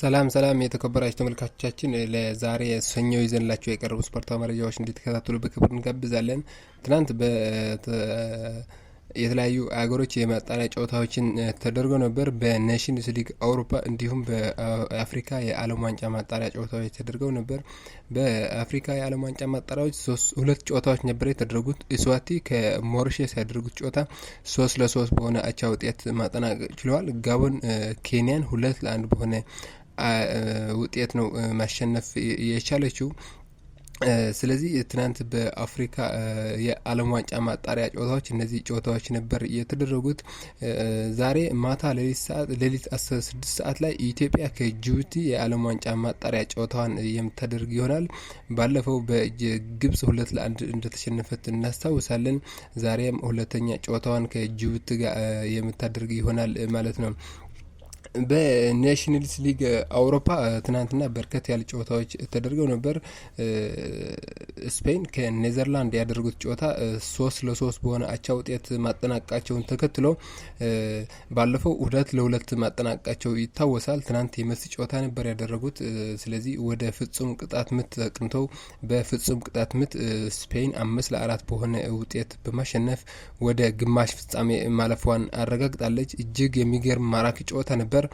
ሰላም ሰላም የተከበራችሁ ተመልካቾቻችን ለዛሬ ሰኞ ይዘንላቸው የቀረቡ ስፖርታዊ መረጃዎች እንዲተከታተሉ በክብር እንጋብዛለን። ትናንት የተለያዩ አገሮች የማጣሪያ ጨዋታዎችን ተደርጎ ነበር። በኔሽንስ ሊግ አውሮፓ እንዲሁም በአፍሪካ የዓለም ዋንጫ ማጣሪያ ጨዋታዎች ተደርገው ነበር። በአፍሪካ የዓለም ዋንጫ ማጣሪያዎች ሁለት ጨዋታዎች ነበር የተደረጉት። እስዋቲ ከሞሪሸስ ያደረጉት ጨዋታ ሶስት ለሶስት በሆነ አቻ ውጤት ማጠናቀቅ ችለዋል። ጋቦን ኬንያን ሁለት ለአንድ በሆነ ውጤት ነው ማሸነፍ የቻለችው። ስለዚህ ትናንት በአፍሪካ የዓለም ዋንጫ ማጣሪያ ጨዋታዎች እነዚህ ጨዋታዎች ነበር የተደረጉት። ዛሬ ማታ ሌሊት ሰዓት ሌሊት አስራ ስድስት ሰዓት ላይ ኢትዮጵያ ከጅቡቲ የዓለም ዋንጫ ማጣሪያ ጨዋታዋን የምታደርግ ይሆናል። ባለፈው በግብጽ ሁለት ለአንድ እንደተሸነፈት እናስታውሳለን። ዛሬም ሁለተኛ ጨዋታዋን ከጅቡቲ ጋር የምታደርግ ይሆናል ማለት ነው። በኔሽንልስ ሊግ አውሮፓ ትናንትና በርከት ያሉ ጨዋታዎች ተደርገው ነበር። ስፔን ከኔዘርላንድ ያደረጉት ጨዋታ ሶስት ለሶስት በሆነ አቻ ውጤት ማጠናቀቃቸውን ተከትሎ ባለፈው ሁለት ለሁለት ማጠናቀቃቸው ይታወሳል። ትናንት የመስ ጨዋታ ነበር ያደረጉት። ስለዚህ ወደ ፍጹም ቅጣት ምት ተቅንተው በፍጹም ቅጣት ምት ስፔን አምስት ለአራት በሆነ ውጤት በማሸነፍ ወደ ግማሽ ፍጻሜ ማለፏን አረጋግጣለች። እጅግ የሚገርም ማራኪ ጨዋታ ነበር።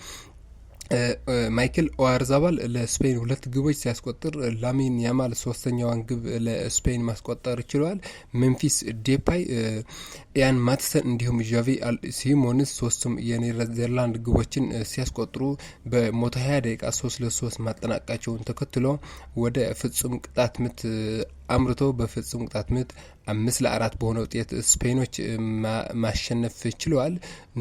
ማይክል ኦያርዛባል ለስፔን ሁለት ግቦች ሲያስቆጥር ላሚን ያማል ሶስተኛዋን ግብ ለስፔን ማስቆጠር ችለዋል። ሜምፊስ ዴፓይ፣ ኢያን ማትሰን እንዲሁም ዣቪ ሲሞንስ ሶስቱም የኔዘርላንድ ግቦችን ሲያስቆጥሩ በሞተ ሀያ ደቂቃ ሶስት ለሶስት 3 ማጠናቀቃቸውን ተከትሎ ወደ ፍጹም ቅጣት ምት አምርቶ በፍጹም ቅጣት ምት አምስት ለአራት በሆነ ውጤት ስፔኖች ማሸነፍ ችለዋል።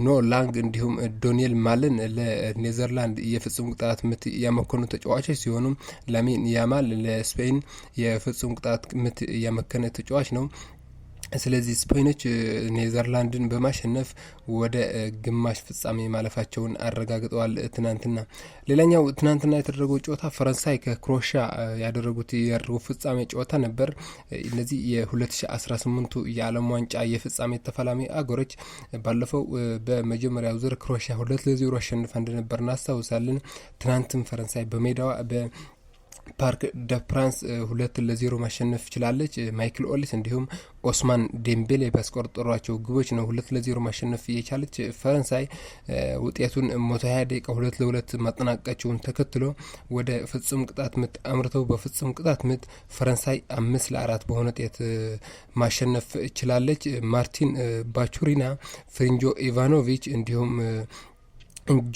ኖ ላንግ እንዲሁም ዶኒኤል ማለን ለኔዘርላንድ የፍጹም ቅጣት ምት ያመከኑ ተጫዋቾች ሲሆኑ ላሚን ያማል ለስፔን የፍጹም ቅጣት ምት ያመከነ ተጫዋች ነው። ስለዚህ ስፔኖች ኔዘርላንድን በማሸነፍ ወደ ግማሽ ፍጻሜ ማለፋቸውን አረጋግጠዋል። ትናንትና ሌላኛው ትናንትና የተደረገው ጨዋታ ፈረንሳይ ከክሮሻ ያደረጉት የሩብ ፍጻሜ ጨዋታ ነበር። እነዚህ የ2018ቱ የዓለም ዋንጫ የፍጻሜ ተፈላሚ አገሮች ባለፈው በመጀመሪያው ዙር ክሮኤሽያ ሁለት ለዜሮ አሸንፋ እንደነበር እናስታውሳለን። ትናንትም ፈረንሳይ በሜዳዋ ፓርክ ደ ፕራንስ ሁለት ለዜሮ ማሸነፍ ችላለች። ማይክል ኦሊስ እንዲሁም ኦስማን ዴምቤሌ ባስቆጠሯቸው ግቦች ነው ሁለት ለዜሮ ማሸነፍ የቻለች። ፈረንሳይ ውጤቱን ሞቶ ሀያ ደቂቃ ሁለት ለሁለት ማጠናቀቃቸውን ተከትሎ ወደ ፍጹም ቅጣት ምት አምርተው በፍጹም ቅጣት ምት ፈረንሳይ አምስት ለአራት በሆነ ውጤት ማሸነፍ ችላለች። ማርቲን ባቹሪና ፍሪንጆ ኢቫኖቪች እንዲሁም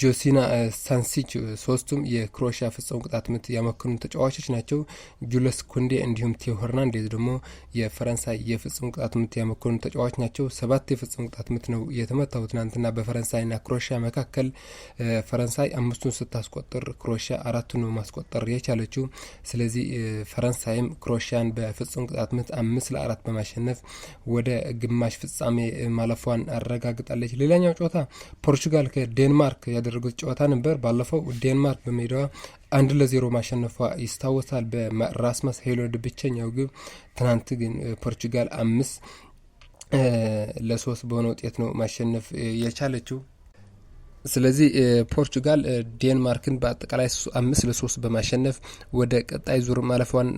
ጆሲና ሳንሲች ሶስቱም የክሮሽያ ፍጹም ቅጣት ምት ያመክኑ ተጫዋቾች ናቸው። ጁለስ ኩንዴ እንዲሁም ቴዎ ሄርናንዴዝ ደግሞ የፈረንሳይ የፍጹም ቅጣት ምት ያመክኑ ተጫዋች ናቸው። ሰባት የፍጹም ቅጣት ምት ነው የተመታው ትናንትና በፈረንሳይና ክሮሽያ መካከል። ፈረንሳይ አምስቱን ስታስቆጥር ክሮሽያ አራቱን ማስቆጠር የቻለችው። ስለዚህ ፈረንሳይም ክሮሽያን በፍጹም ቅጣት ምት አምስት ለአራት በማሸነፍ ወደ ግማሽ ፍጻሜ ማለፏን አረጋግጣለች። ሌላኛው ጨዋታ ፖርቹጋል ከዴንማርክ ዴንማርክ ያደረጉት ጨዋታ ነበር። ባለፈው ዴንማርክ በሜዳዋ አንድ ለዜሮ ማሸነፏ ይስታወሳል በራስመስ ሄሎድ ብቸኛው ግብ። ትናንት ግን ፖርቹጋል አምስት ለሶስት በሆነ ውጤት ነው ማሸነፍ የቻለችው። ስለዚህ ፖርቹጋል ዴንማርክን በአጠቃላይ አምስት ለሶስት በማሸነፍ ወደ ቀጣይ ዙር ማለፏን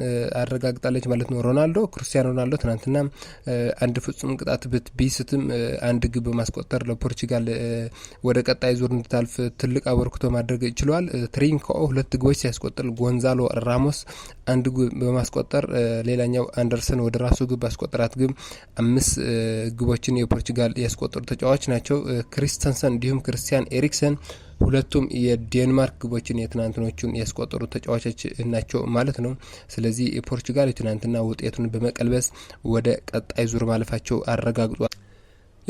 አረጋግጣለች ማለት ነው። ሮናልዶ ክርስቲያኖ ሮናልዶ ትናንትና አንድ ፍጹም ቅጣት ብት ቢስትም አንድ ግብ በማስቆጠር ለፖርቹጋል ወደ ቀጣይ ዙር እንድታልፍ ትልቅ አበርክቶ ማድረግ ችሏል። ትሪንኮ ሁለት ግቦች ሲያስቆጥር ጎንዛሎ ራሞስ አንድ ግብ በማስቆጠር ሌላኛው አንደርሰን ወደ ራሱ ግብ አስቆጠራት ግብ አምስት ግቦችን የፖርቹጋል ያስቆጠሩ ተጫዋች ናቸው። ክሪስተንሰን እንዲሁም ክርስቲያን ኤሪክሰን ሁለቱም የዴንማርክ ግቦችን የትናንትኖቹን ያስቆጠሩ ተጫዋቾች ናቸው ማለት ነው። ስለዚህ የፖርቹጋል የትናንትና ውጤቱን በመቀልበስ ወደ ቀጣይ ዙር ማለፋቸው አረጋግጧል።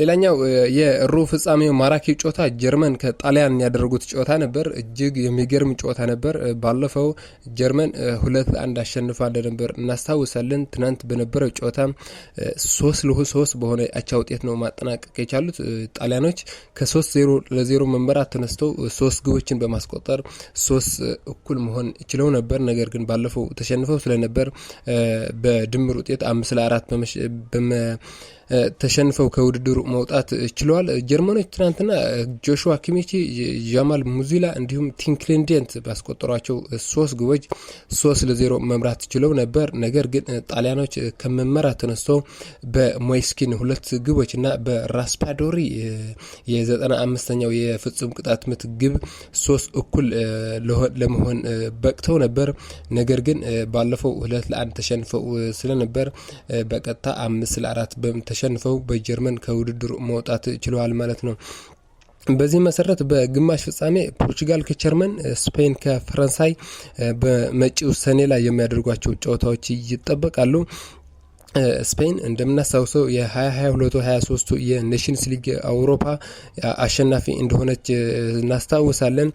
ሌላኛው የሩብ ፍጻሜው ማራኪ ጨዋታ ጀርመን ከጣሊያን ያደረጉት ጨዋታ ነበር። እጅግ የሚገርም ጨዋታ ነበር። ባለፈው ጀርመን ሁለት አንድ አሸንፋ እንደነበር እናስታውሳለን። ትናንት በነበረው ጨዋታ ሶስት ለሁ ሶስት በሆነ አቻ ውጤት ነው ማጠናቀቅ የቻሉት። ጣሊያኖች ከሶስት ዜሮ ለዜሮ መመራት ተነስተው ሶስት ግቦችን በማስቆጠር ሶስት እኩል መሆን ችለው ነበር። ነገር ግን ባለፈው ተሸንፈው ስለነበር በድምር ውጤት አምስት ለአራት በመ ተሸንፈው ከውድድሩ መውጣት ችለዋል። ጀርመኖች ትናንትና ጆሹዋ ኪሚቺ፣ ጃማል ሙዚላ እንዲሁም ቲንክሌንዴንት ባስቆጠሯቸው ሶስት ግቦች ሶስት ለዜሮ መምራት ችለው ነበር። ነገር ግን ጣሊያኖች ከመመራት ተነስቶ በሞይስኪን ሁለት ግቦች እና በራስፓዶሪ የዘጠና አምስተኛው የፍጹም ቅጣት ምት ግብ ሶስት እኩል ለመሆን በቅተው ነበር። ነገር ግን ባለፈው ሁለት ለአንድ ተሸንፈው ስለነበር በቀጥታ አምስት ለአራት በምተሸ አሸንፈው በጀርመን ከውድድር መውጣት ችለዋል ማለት ነው። በዚህ መሰረት በግማሽ ፍጻሜ ፖርቹጋል ከጀርመን፣ ስፔን ከፈረንሳይ በመጪው ሰኔ ላይ የሚያደርጓቸው ጨዋታዎች ይጠበቃሉ። ስፔን እንደምናስታውሰው የ2022 23 የኔሽንስ ሊግ አውሮፓ አሸናፊ እንደሆነች እናስታውሳለን።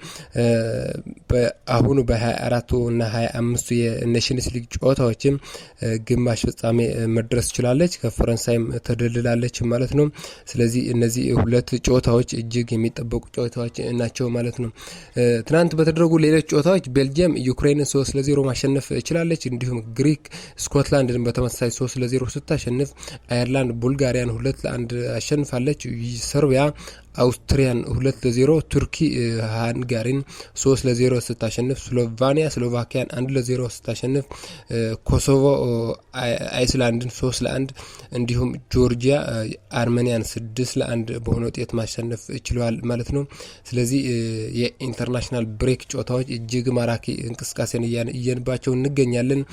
በአሁኑ በ 24 እና 25ቱ የኔሽንስ ሊግ ጨዋታዎችም ግማሽ ፍጻሜ መድረስ ችላለች። ከፈረንሳይም ተደልላለች ማለት ነው። ስለዚህ እነዚህ ሁለት ጨዋታዎች እጅግ የሚጠበቁ ጨዋታዎች ናቸው ማለት ነው። ትናንት በተደረጉ ሌሎች ጨዋታዎች ቤልጅየም ዩክሬንን ሶስት ለዜሮ ማሸነፍ ችላለች። እንዲሁም ግሪክ ስኮትላንድን በተመሳሳይ ሶስት ለዜሮ ስታሸንፍ፣ አየርላንድ ቡልጋሪያን ሁለት ለአንድ አሸንፋለች። ሰርቢያ አውስትሪያን ሁለት ለዜሮ ቱርኪ ሃንጋሪን ሶስት ለዜሮ ስታሸንፍ ስሎቫኒያ ስሎቫኪያን አንድ ለዜሮ ስታሸንፍ ኮሶቮ አይስላንድን ሶስት ለአንድ እንዲሁም ጆርጂያ አርሜኒያን ስድስት ለአንድ በሆነ ውጤት ማሸነፍ ችለዋል ማለት ነው። ስለዚህ የኢንተርናሽናል ብሬክ ጨዋታዎች እጅግ ማራኪ እንቅስቃሴን እያንባቸው እንገኛለን።